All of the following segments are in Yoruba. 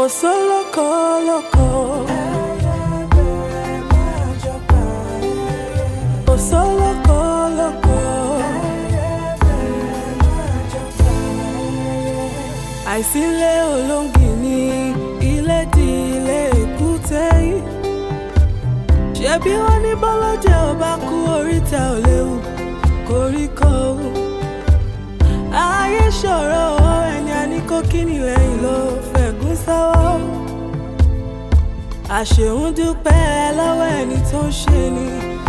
kò sólókòó lóko. kò sólókòó lóko. àìsílẹ̀ olóńgì ni ilé di ilé èkúté yìí. ṣebí wọ́n ní bọ́lọ́jẹ́ ò bá kú oríta ò léwu koríko wù. ayé ṣòro ẹni a ní kó kí lẹ́yìn ló fẹ́ àṣeun dúpẹ́ lọ́wọ́ ẹni tó ń ṣe ni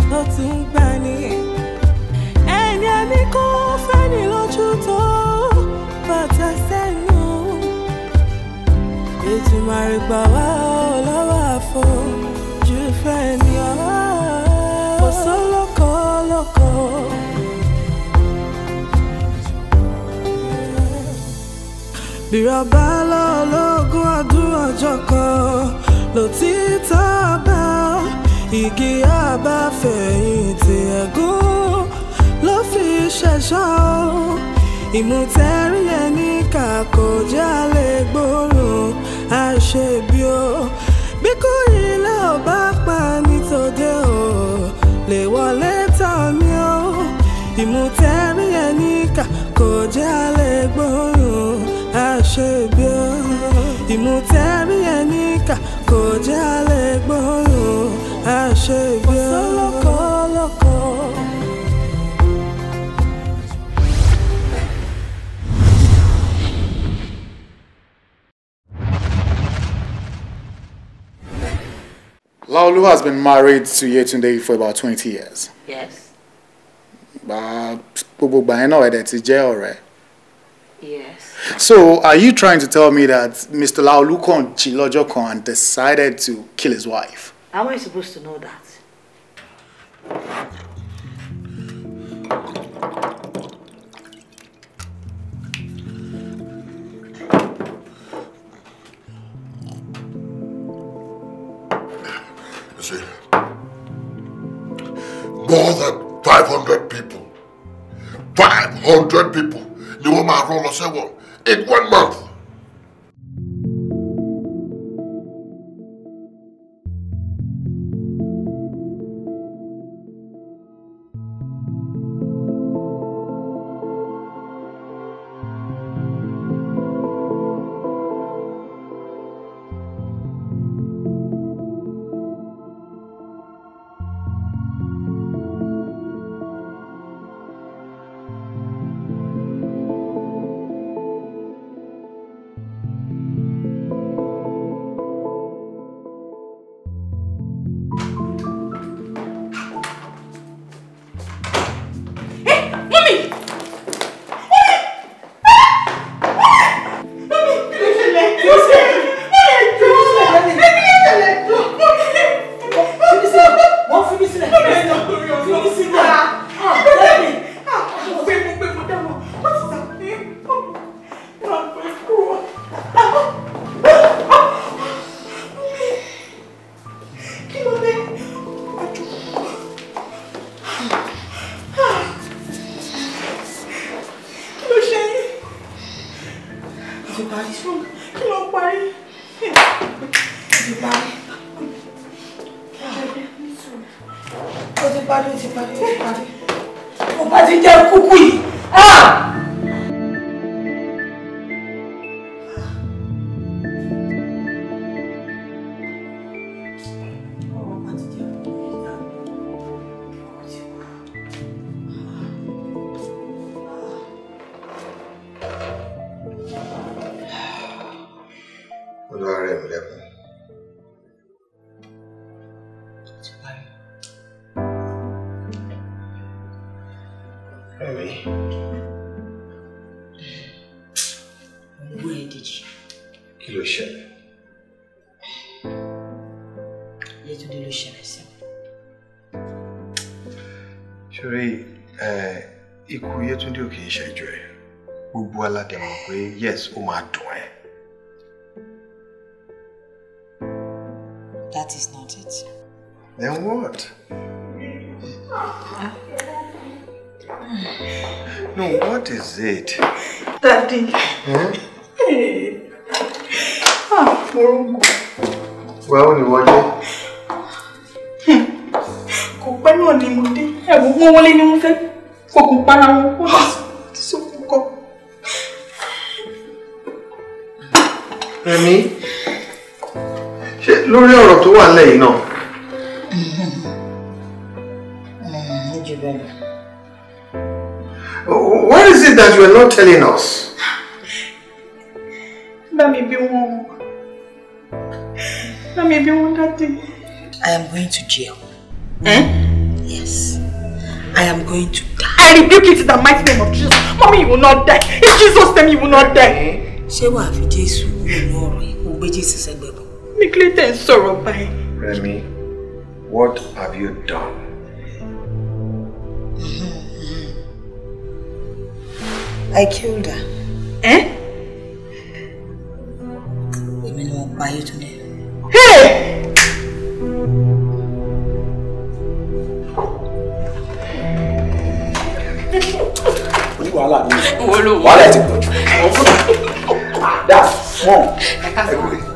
tó tún ń gbà ní. ẹni ẹni kò fẹ́ni lójú tó bàtà sẹ́nu. Ètùmàrè gbà wá o lọ́wọ́ àfojú fẹ́ni ọ̀la. kò sólókò lóko. bìrọ̀bá lọ́ọ́ lóògùn ọdún ọjọ́ kan. Lo lòtítọ́ àbá igi àbáfẹ̀yìntì ẹ̀gún ló fi ṣẹ̀ṣọ́ ìmùtẹ́rí ẹni kà kò jẹ́ lè gbóòórùn o bí kò ilé ò bá pa ní tòde o lè wọlé tán mi o ìmùtẹ́rí ẹni kà kò jẹ́ lè gbóòórùn àṣebí o ìmùtẹ́rí ẹni kà. kò has been married to Yetunde for about 20 years. Yes. But, I know that it's a jail, right? Yes. So are you trying to tell me that Mr. Laolukon Chilojokan decided to kill his wife? How am I supposed to know that? You see, more than 500 people, 500 people The woman máa rán lọ sẹ́wọ̀n in one month. ló ara ẹ̀ lẹ́kùn. Ẹ̀mí. Owó ẹ̀ dèjì. Kí ló ṣẹlẹ̀? Yétúndé ló ṣẹlẹ̀ sí. Ṣorí ikú Yétúndé ò kì í ṣẹ́jú ẹ̀. Gbogbo aládẹ̀ mọ̀ pé yes, ó máa dùn Then what? No, what is it? Daddy. Hmm? Hey. Ah, Morongo. Well, you want it? Kò pẹ́ náà ni mo dé. Ẹ̀wọ̀n mú wọlé ni mo fẹ́. Kò kò para wọn. Ó lọ sí sókun kọ. Rẹ̀mí, lórí ọ̀rọ̀ tó wà lẹ́yìn náà? Eh, oh, what is it that you are not telling us? Mami bí wọn. Mami bí wọn thing. I am going to jail. Eh? Yes. I am going to die. I rebuke it in the mighty name of Jesus. Mommy, you will not die. If Jesus' name, you will not die. Say what if Jesus will ọ̀rọ̀ yìí kó gbé Jésù sẹ́gbẹ̀ẹ́ bọ̀? Mi kílẹ̀ tẹ̀ ń What have you done? I killed her. Eh? Èmi ni mo pa ayé tó dé. Wàhálà ni. Wàhálà ti pọ̀ jù. Dá, wọ́n, ẹ kúrò.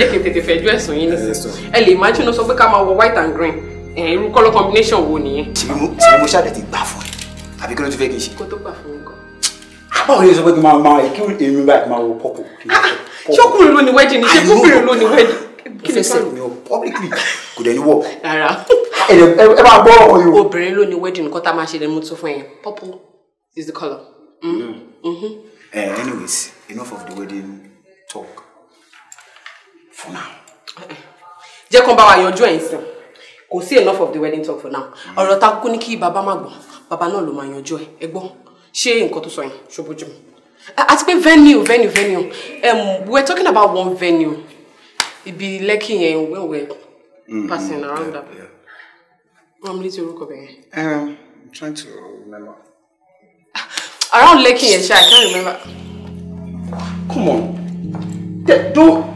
ẹ kí n tètè fẹ̀jú ẹ̀sùn yín nísìnyí ẹ lè imagine ó sọ pé ká máa wọ white and green irú colour combination wo nìyẹn. ṣèbí mo ṣèbí mo ṣàdẹ̀ ti gbà fún ẹ àbí kí ló ti fẹ́ kí n ṣe. kó tó gbà fún un gan. àbá òye sọ pé kí n máa máa kí èmi báyìí máa wo pọ́pù. Ah, ṣókùnrin ló ni wedding ni ṣé kóbìnrin ló ni wedding kí lè mi o publicly kò dẹ̀ ní wọ̀. rárá ẹ bá gbọ́ ọ̀rọ̀ yìí o. obìnrin ló ní wedding nǹkan tá a máa ṣe purple is the colour. Mm-hmm. Mm. Mm. Mm anyways enough of the wedding talk for now. jẹ́ kán bá wa yanjú ẹ̀yìn sìn kò sí enough of the wedding talk for now mm. ọ̀rọ̀ ta kú ní kí bàbá má gbọ́n bàbá náà ló máa yanjú ẹ̀ ẹ gbọ́ ṣé nǹkan tó sọ yẹn ṣobojú àti pé venue venue venue um, we are talking about one venue ibi Lekki yẹn when we are mm, passing mm, around that wọ́n mi létí orúkọ bẹ́ẹ̀. I'm trying to remember. around Lekki yẹn ṣe I can't remember. come on don't.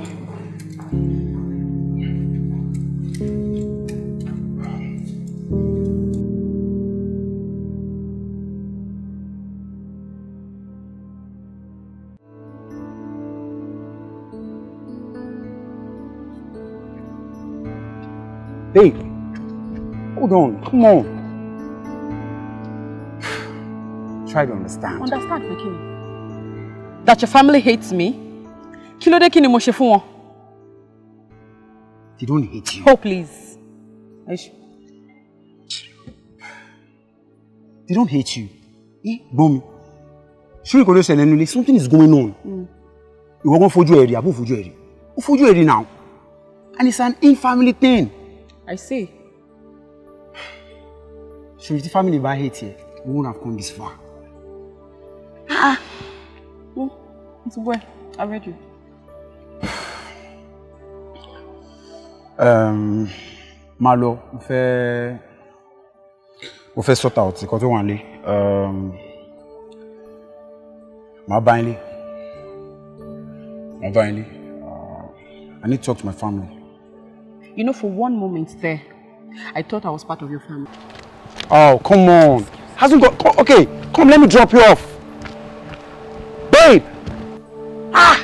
Hold on, come on. Try to understand. Understand, Makini. That your family hates me? Kí dé kí ni mo ṣe fún They don't hate you. Oh, please. Aish. They don't hate you. Eh? Bomi. Ṣé ìkọ́lé ṣẹlẹ̀ Something is going on. Hmm. Ìwọ gan fojú ẹ̀rí, àbú fojú ẹ̀rí. Ó fojú ẹ̀rí now. And it's an in-family thing. I see. If tí family bá hate we wouldn't have come this far. ah no ah. it's well i read you. um, máa lọ mo fẹ́ mo sort out nǹkan tó wà Um, my family, my family, i need to talk to my family. you know for one moment there i thought i was part of your family. Oh, come on. Hasn't got. Okay, come, let me drop you off. Babe! Ah!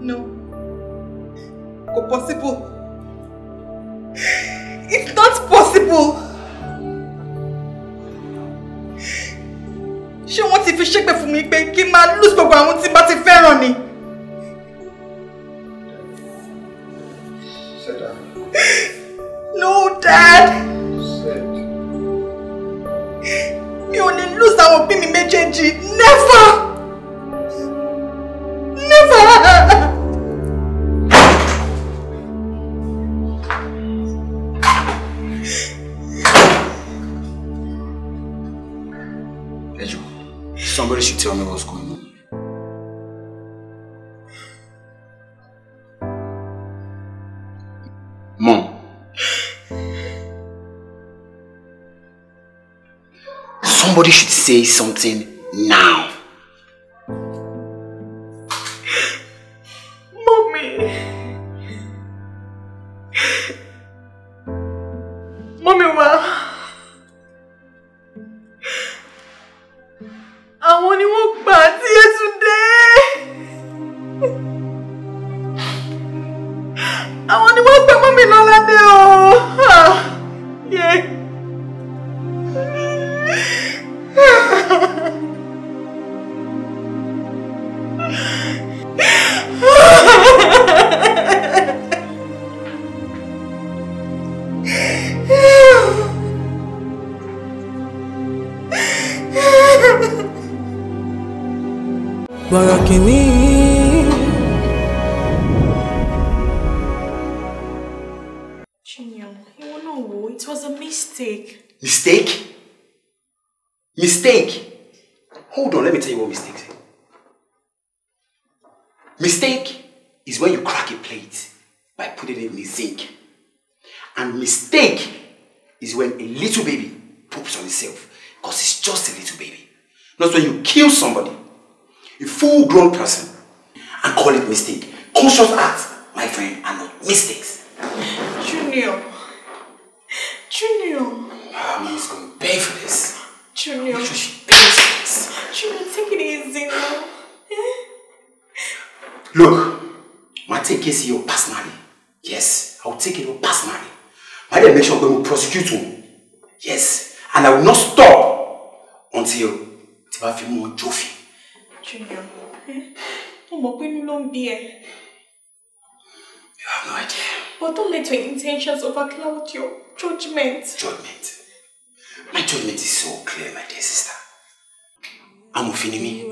No. Go possible. It's not possible. She wants ti fi ṣépè fún mi pé kí n lose gbogbo àwọn tí n bá ti fẹ́ràn say something now. Mommy. Mistake is when you crack a plate by putting it in the sink. And mistake is when a little baby poops on itself because it's just a little baby. Not when you kill somebody, a full grown person, and call it mistake. Conscious acts, my friend, are not mistakes. Look, my take case here personally. Yes, I will take it personally. My dear, make sure we will prosecute you. Yes, and I will not stop until tí bá fi mú Jofi. Junior, mo mọ̀ pé inú ló ń bí You have no idea. But don't let your intentions overcloud your judgment. Judgment. My judgment is so clear, my dear sister. Amòfin ni mí.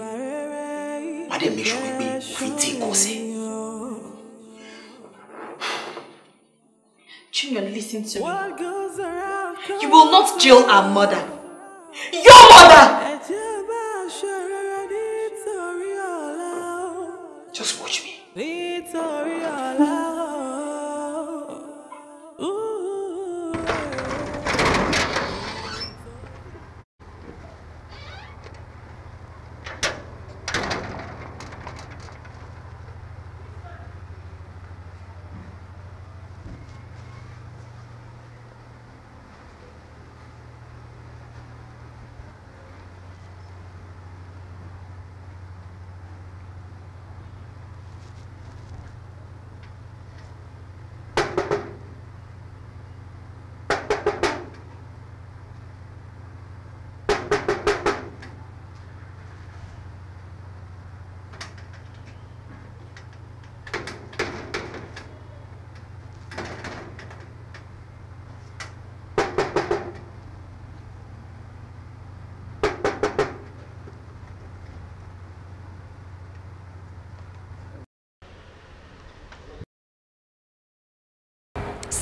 make sure Junior, listen to me. You will not jail our mother. Your mother!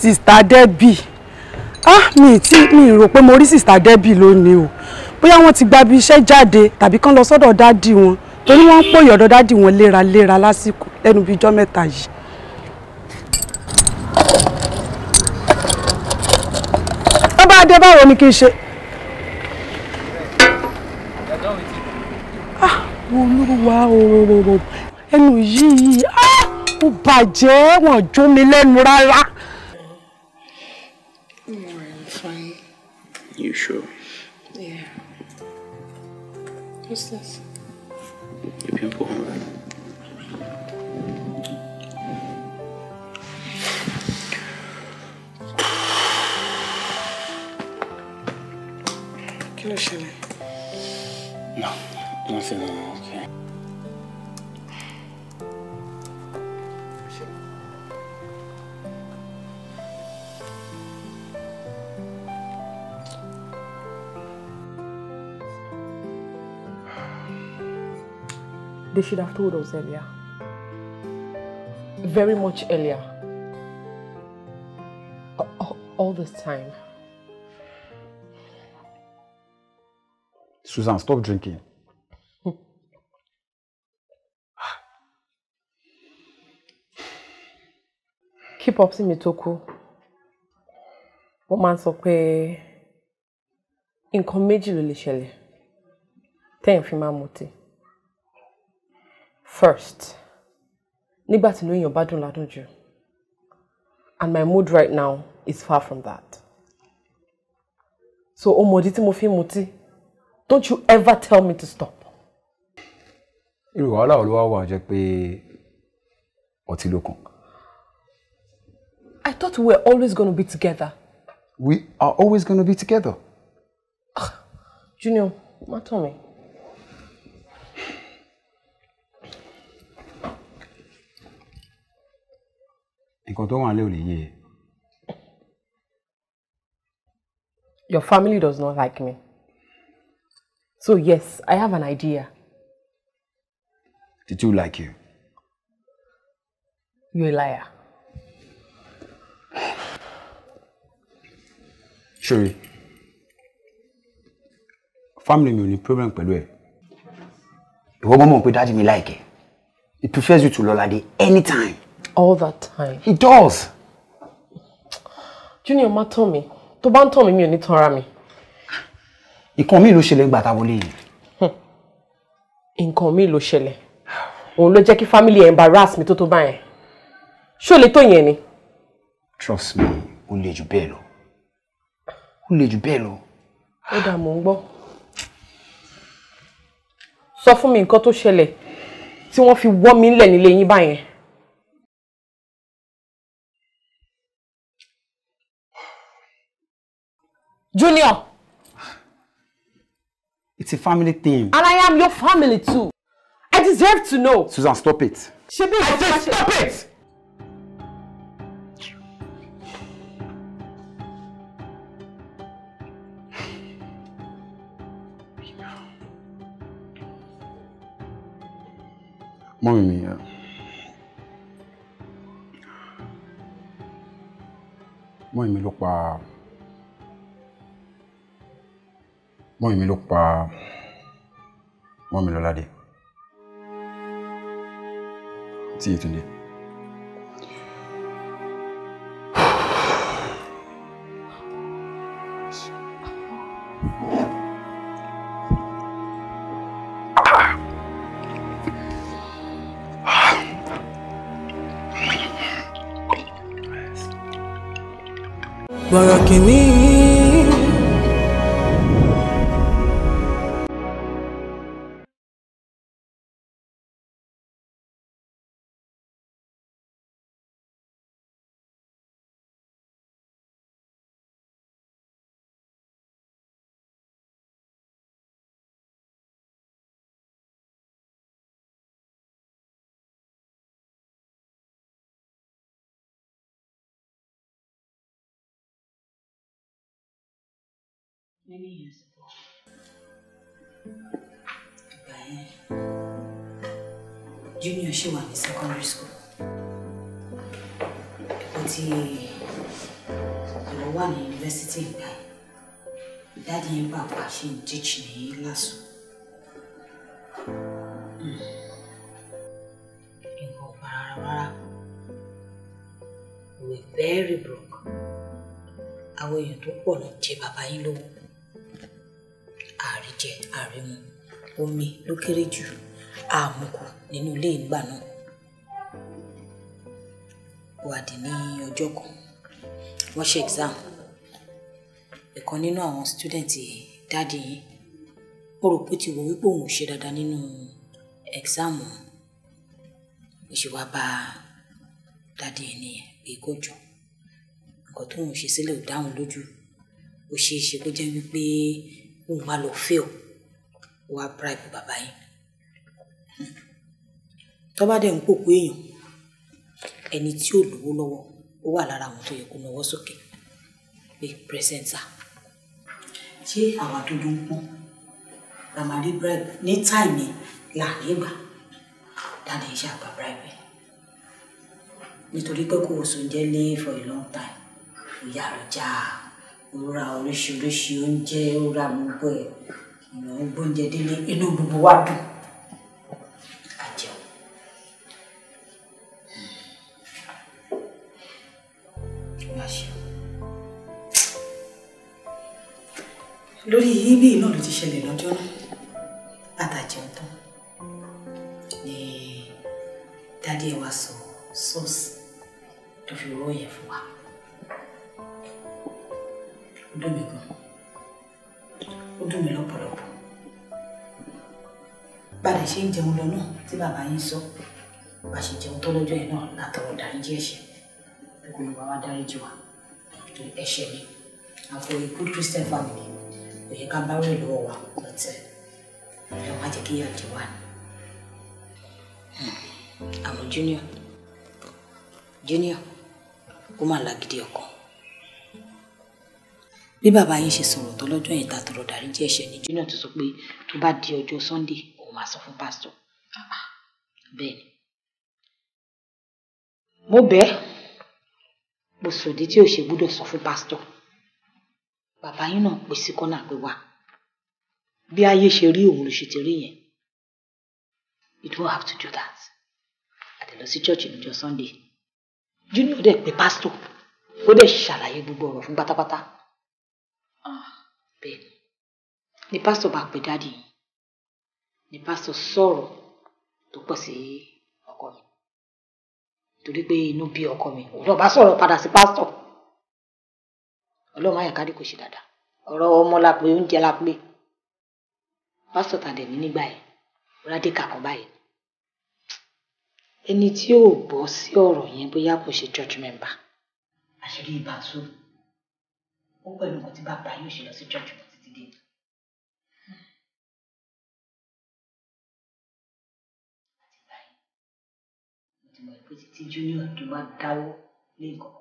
sista Debbie ah mi ti mi rò pé mo rí sista Debbie lónìí o bóyá wọ́n ti gba bí iṣẹ́ jáde tàbí kán lọ sọ́dọ̀ dádì wọn torí wọ́n ń pòyì ọ̀dọ̀ dádì wọn léraléra lásìkò lẹ́nu bíi ijọ́ mẹ́ta yìí. tó bá dé báwo ni kí n ṣe. Ah, o ooo ẹnu ah o bàjẹ́ wọn jó mi lẹ́nu rárá you sure? Yeah. What's this? Your pimple horn. ¿Qué le sale? No, no hace They should have told us earlier. Very much earlier. All, this time. Susan, stop drinking. Keep up Simitoku. Woman, tó kú. Wọ́n máa ń sọ pé nǹkan méjì First, nígbà tí inú èèyàn bá dùn ládùn jù. And my mood right now is far from that. So o mọ̀dí tí mo fi mutí. Don't you ever tell me to stop. Irú wàhálà wo wà jẹ́ pé ọtí ló kàn. I thought we were always gonna be together. We are always gonna be together. Ah, Junior, má tàn mí. nǹkan tó wà nílẹ̀ ò lè yé e. Your family does not like me. So yes, I have an idea. Did you like you? You're a liar. Sure. family mi ò ní problem pẹ̀lú ẹ̀. Ìwọ mọ̀ mọ̀ pé dáàdi mi láìkẹ́. He prefers you to Lọ́ládé anytime all that time. he does. junior má tàn me. To ban ń me mí need to ní tanra mi. nǹkan mi ló ṣẹlẹ̀ nígbà tá a wọlé In hm. nǹkan mi ló ṣẹlẹ̀ òun ló jẹ́ family embarrass me to to ban. Show lè tó yẹn ni. trust me ó le jù bẹ́ẹ̀ lọ ó le jù bẹ́ẹ̀ lọ. ó dà mò ń gbọ́ sọ fún mi nǹkan tó ṣẹlẹ̀ tí fi wọ́ mi ńlẹ̀ nílé yín báyẹn. Junior. It's a family thing. And I am your family too. I deserve to know. Susan, stop it. Shebi, I said stop it! Mommy, mi, mọ́mí mi ló ẹ̀gbọ́n mi ló pa mọ́mi lọ́ládé tí Yétúndé. gbọ̀rọ̀ kìíní many years ago. Ìgbà Junior she wà ní secondary school. but he ìwọ wà ní yunifásítì ìgbà yẹn. Dáàdi yẹn bàbá ṣì ń teach ní LASU. Hmm. Nǹkan ò bára rárá. We were very broke. Àwọn èèyàn tó pọ̀ lọ jẹ bàbá yín lówó jẹ àrímu omi ló kéré jù àmukù nínú ilé ìgbà náà wàdí ní ọjọ́ kan wọ́n ṣe exam ẹ̀kan nínú àwọn student dáàdì yìí mo rò pé ti wò wípé òun ò ṣe dáadáa nínú exam mo ṣe wá bá dáàdì yìí nìyẹn pé kó jọ nǹkan tóun ṣe sílẹ̀ ò dáhùn lójú ó ṣeé ṣe kó jẹ́ wípé o máa lọ fẹ́ o wàá bribe bàbá yín tó dẹ̀ ń pòpò èèyàn ẹni tí ò lówó lọ́wọ́ ó wà lára àwọn tó yẹ kó nawọ́ sókè pé pírẹsẹ̀ntà ṣé àwa dúdú ń pọ́n la bribe ní táìmì láàrin ìgbà iṣẹ́ àgbà bribe nítorí pé kò wọ́n sọ jẹ́ lé for a long time ìyá rẹ̀ já ó ra oríṣiríṣi oúnjẹ ó ra gbogbo ẹ̀ ìrànwọ́ gbóúnjẹ délé inú gbogbo wa dùn a jẹun. Hmm. ṣe ń jẹun lọ náà tí bàbá yín sọ bá ṣe jẹun tó lọ́jọ́ yẹn náà látọrọ dáríjì ẹ̀ṣẹ̀ bí kò lè wá wá dáríjì wa tó ẹ̀ṣẹ̀ mi àfọ a good Christian family kò yẹ ká bá rẹ̀ lọ́wọ́ wa lọ́tẹ̀ ẹ̀ wá jẹ́ kí yà jẹ wá hmm. àmọ́ junior junior kó má lágídí ọkàn bí bàbá yín ṣe sọ̀rọ̀ tó lọ́jọ́ yẹn ta tọrọ dáríjì ẹ̀ṣẹ̀ ni junior tó sọ pé tó bá di ọjọ́ Sunday máa sọ fún pásítọ̀ ah, ah, bẹ́ẹ̀ ni mo bẹ́ẹ̀ mo sòdí tí ò ṣe gbúdọ̀ sọ fún pásítọ̀ bàbá yín náà pè sí kọ́nà pé wá bí ayé ṣe rí òun ló ṣe ti rí yẹn you don't have to do that àtẹ̀lọ sí church níjọ́ sunday junior dẹ̀ pé pásítọ̀ ó dẹ̀ ṣàlàyé gbogbo ọ̀rọ̀ fún pátápátá ah. bẹ́ẹ̀ ni pásítọ̀ bá pè dáàdì yìí ni pásítọ̀ sọ̀rọ̀ tó pọ̀ sí ọkọ mi torí pé inú bí ọkọ mi òun náà bá sọ̀rọ̀ padà sí pásítọ̀ ọlọ́run ayọ̀kadì kò ṣe dáadáa ọ̀rọ̀ ọmọ la pé oúnjẹ la pé pásítọ̀ tàdé mi nígbà yẹn ọládé kàkọ́ báyìí ẹni tí ò bọ́ sí ọ̀rọ̀ yẹn bóyá kò ṣe church member àṣírí ibà sóòrò ó pẹ̀lú nǹkan tí bàbá yóò ṣe lọ sí church mọ́ títí dé. mọ̀ pé títí junior tó bá dáwọ́ lé nǹkan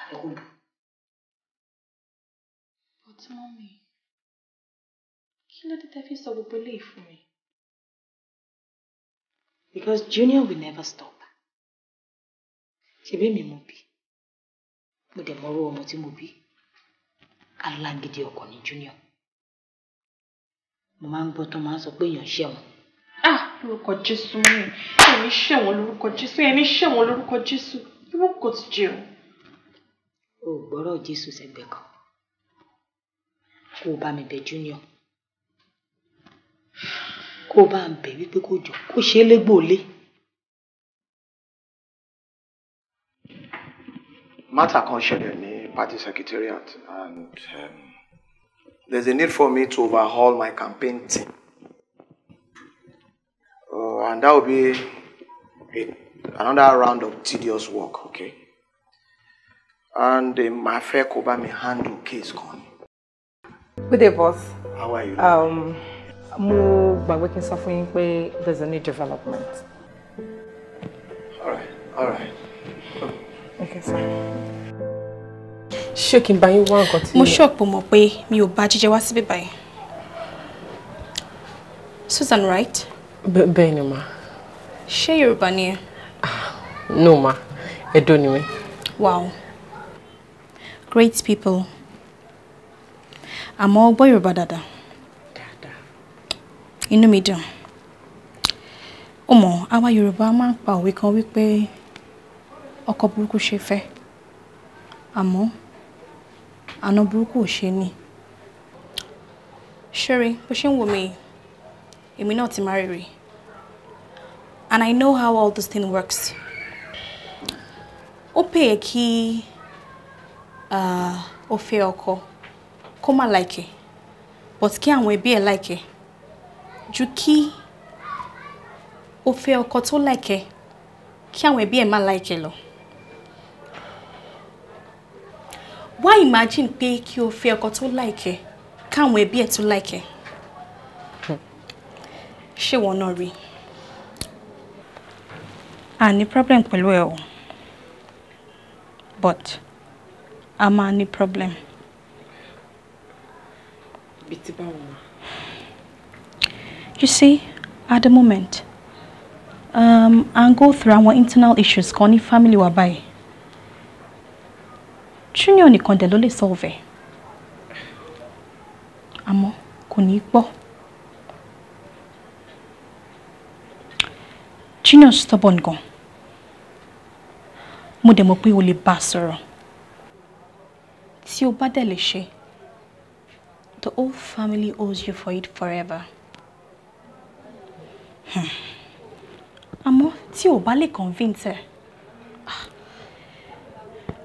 àfi kó bù. ọtí mọ́ mi kí ló dé tẹ́ fi sọ gbogbo eléyìí fún mi. because junior will never stop. ṣebí mi mo bí mo dẹ̀ mọ́rọ́ ọmọ tí mo bí alágídí ọkọ ni junior mo máa ń gbọ́ tó máa ń sọ pé èèyàn ṣẹ̀wọ̀n lórúkọ jésù mi ẹni ṣẹ̀wọ̀n lórúkọ jésù ẹni ṣẹ̀wọ̀n lórúkọ jésù you won't go to jail. o gbọ́rọ̀ jésù sẹ́gbẹ̀ẹ́ kan kó o bá mi bẹ̀ junior kó o bá ń bẹ̀ wípé kó jọ kó ṣe é légbòólé. matter kan ṣẹlẹ̀ ní party secretariat and um, there's a need for me to overhaul my campaign team and that will be a, another round of tedious work, okay? And uh, my fair kó bá handle case kan. Good day, boss. How are you? Um, mo gbàgbé kí n there's a new development. All right, all right. Okay, sir. Shocking, kí you want to continue? nǹkan tí. Mo ṣọ́ọ̀pù mọ̀ pé Susan, right? bẹ́ẹ̀ ni ma. ṣé yorùbá ni ẹ. no ma Ẹdó ni mí. wow great people àmọ́ ọgbọ́n yorùbá dáadáa inú mi dùn ó mọ̀ àwa yorùbá máa ń pa òwe kan wípé ọkọ burúkú ṣe fẹ́ àmọ́ àna burúkú ò ṣe ní. ṣeré bó ṣe ń wò mí yìí èmi náà ti marry rí and I know how all this thing works. Ó pè é kí uh, ó fẹ́ ọkọ kó má like ẹ̀ but kí àwọn ẹbí ẹ̀ like ẹ̀ ju kí ó fẹ́ ọkọ tó like ẹ̀ kí àwọn ẹbí ẹ̀ má like ẹ̀ lọ. Wá imagine pé kí o fẹ́ ọkọ tó like ẹ̀ káwọn ẹbí ẹ̀ tó like ṣé wọn náà rí a ní problem pẹ̀lú ẹ o but a máa ní problem. bí ti bá wọn. you see at the moment um, I go through àwọn internal issues kan ní family wa báyìí junior nìkan dẹ̀ ló lè solve ẹ̀ àmọ́ kò ní í gbọ́. Junior stubborn gan mo dẹ̀ mọ̀ pé o lè bá a sọ̀rọ̀ tí o bá dẹ̀ lè ṣe the whole family owes you for it forever hmm. àmọ́ tí o bá lè convince ẹ̀ ah,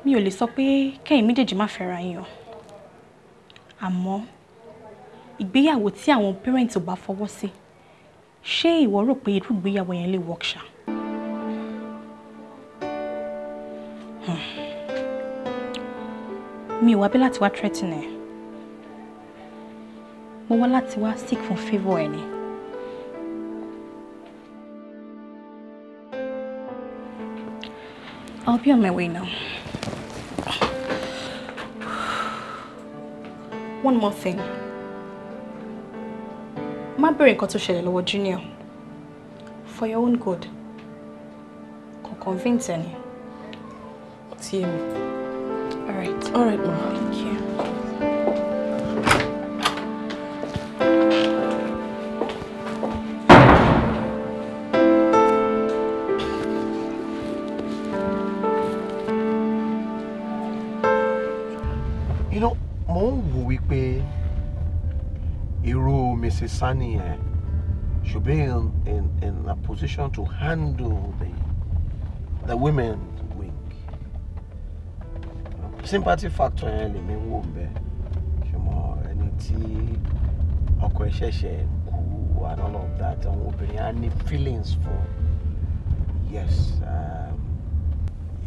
mi ò lè sọ pé kẹ́yìn méjèèjì má fẹ́ra yín o àmọ́ ìgbéyàwó tí àwọn parents ò bá fọwọ́ sí. Si ṣé ìwọ rò pé irú ìgbéyàwó yẹn lè work ṣá. Hmm. mi ò wá bí láti wá threaten ẹ mo wá láti wá seek for favour ẹ ni. I'll be on my way now. One more thing má bèrè nǹkan tó ṣẹlẹ̀ lọ́wọ́ junior for your own good kò convince ẹni. ó ti yé all right all right ma. thank you. Adesanya should be in, in, in a position to handle the, the women wing. Sympathy factor yẹn the ń wò bẹ́ẹ̀ You know, tí ọkọ ẹ̀ ṣẹ̀ṣẹ̀ and all of that àwọn obìnrin á ní feelings for yes um,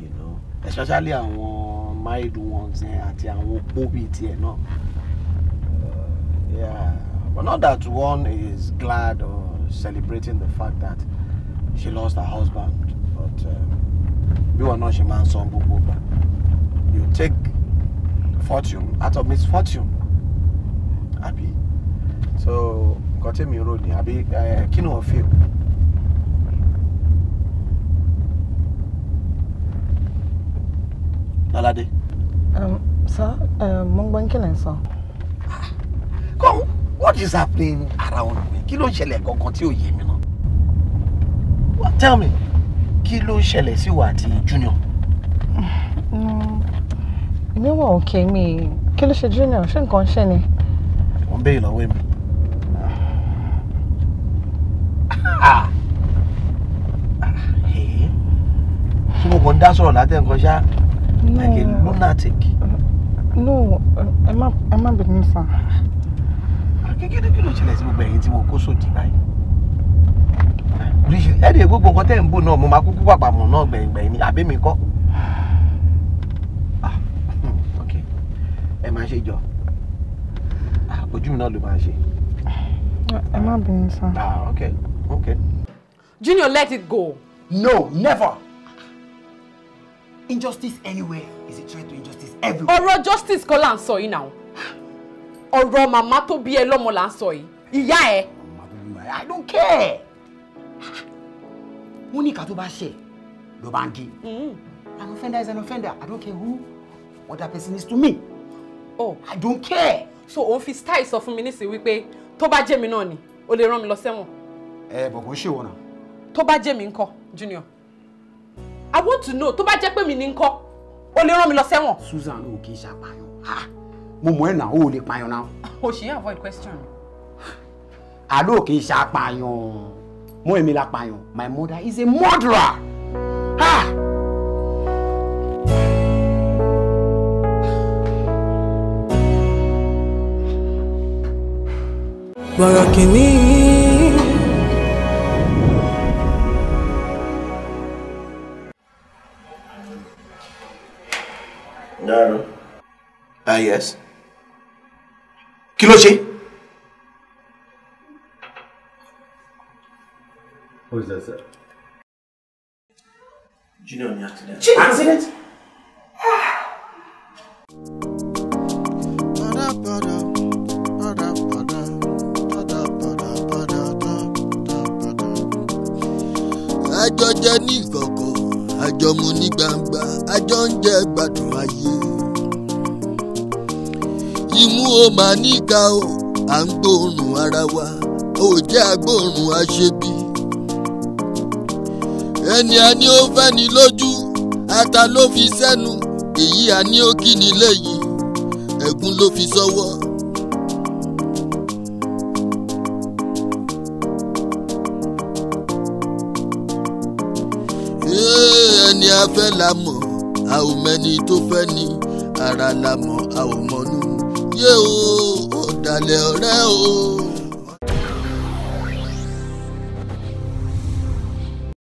you know especially àwọn married ones yẹn àti àwọn opó bíi tiẹ̀ Yeah. But not that one is glad or celebrating the fact that she lost her husband. But uh, bí wọn náà ṣe máa ń You take fortune out of misfortune. Àbí? So nǹkan tẹ́mi rò ní àbí kí ni wọ́n fi? Láládé. Um, sọ, um, mo ń gbọ́ ń kílẹ̀ what is happening around me kí ló ń ṣẹlẹ̀ gangan tí ò yé mi náà tell me kí ló ń ṣẹlẹ̀ sí wa àti junior. mi wọ òkè mi kí ló ṣe junior ṣé nǹkan ṣe ni. wọ́n ń béèrè lọ́wọ́ mi. ṣé mo kàn ń dá sọ̀rọ̀ látẹ̀ nǹkan ṣá like a lunatic. no ẹ má ẹ má bẹ̀rẹ̀ mi sàn kíkídú kí ló ṣẹlẹ̀ sí gbogbo ẹ̀yin tí mo kó sódì báyìí ẹ̀ẹ́dẹ̀ gbogbo nǹkan tẹ́ ń bò náà mo máa kúkú pàpà mọ̀ náà gbẹ̀yìngbẹ̀yìn ni àbẹ́mi kọ́ ah, ẹ máa ṣe jọ ah, ojú mi náà ló máa ṣe. ẹ má ah, bínú sá. ah okay okay. Junior let it go. no never. injustice anywhere is a threat to injustice everywhere. ọ̀rọ̀ justice kọ́ là ń sọ yìí náà ọ̀rọ̀ màmá tó bí ẹ lọ́mọ là ń sọ yìí ìyá ẹ. màmá tó bí mi i don't care. wọ́n ní ìka tó bá ṣe ló bá ń gé. Hmm. an offender is an offender i don't care who other person is to me. oh i don't care. so òun fi style sọ fún mi nísìnyí wípé tó bá jẹ́ mi náà ni o lè rán mi lọ sẹ́wọ̀n. ẹ bọ̀ kò ń ṣèwọ tó bá jẹ́ mi ńkọ́ junior i want to know tó bá jẹ́ pé mi ni ńkọ́ o lè rán mi lọ sẹ́wọ̀n. susan o kì í ṣàpàyàn mo mọ̀ ẹ́ o ò lè pààyàn o ṣì avoid question. àlọ́ kì í ṣe apààyàn mọ èmi la pààyàn my mother is a murderer. Ha! gbọ̀rọ̀ kìíní. kí ló ṣe. is that, sir? Junior ní accident. Junior accident. ó máa níka o à ń gbóòórùn ara wa ó jẹ́ agbóòórùn aṣebi. ẹni a ní ó fẹ́ni lójú ata ló fi sẹ́nu èyí a ní ó kí ni lẹ́yìn ẹ̀gún ló fi sọ́wọ́. ẹni a fẹ́ la mọ̀ a ò mẹ́ni tó fẹ́ ni ara la mọ̀ a ò mọ̀ yé o ọ̀dàlẹ̀ ọ̀rẹ́ o.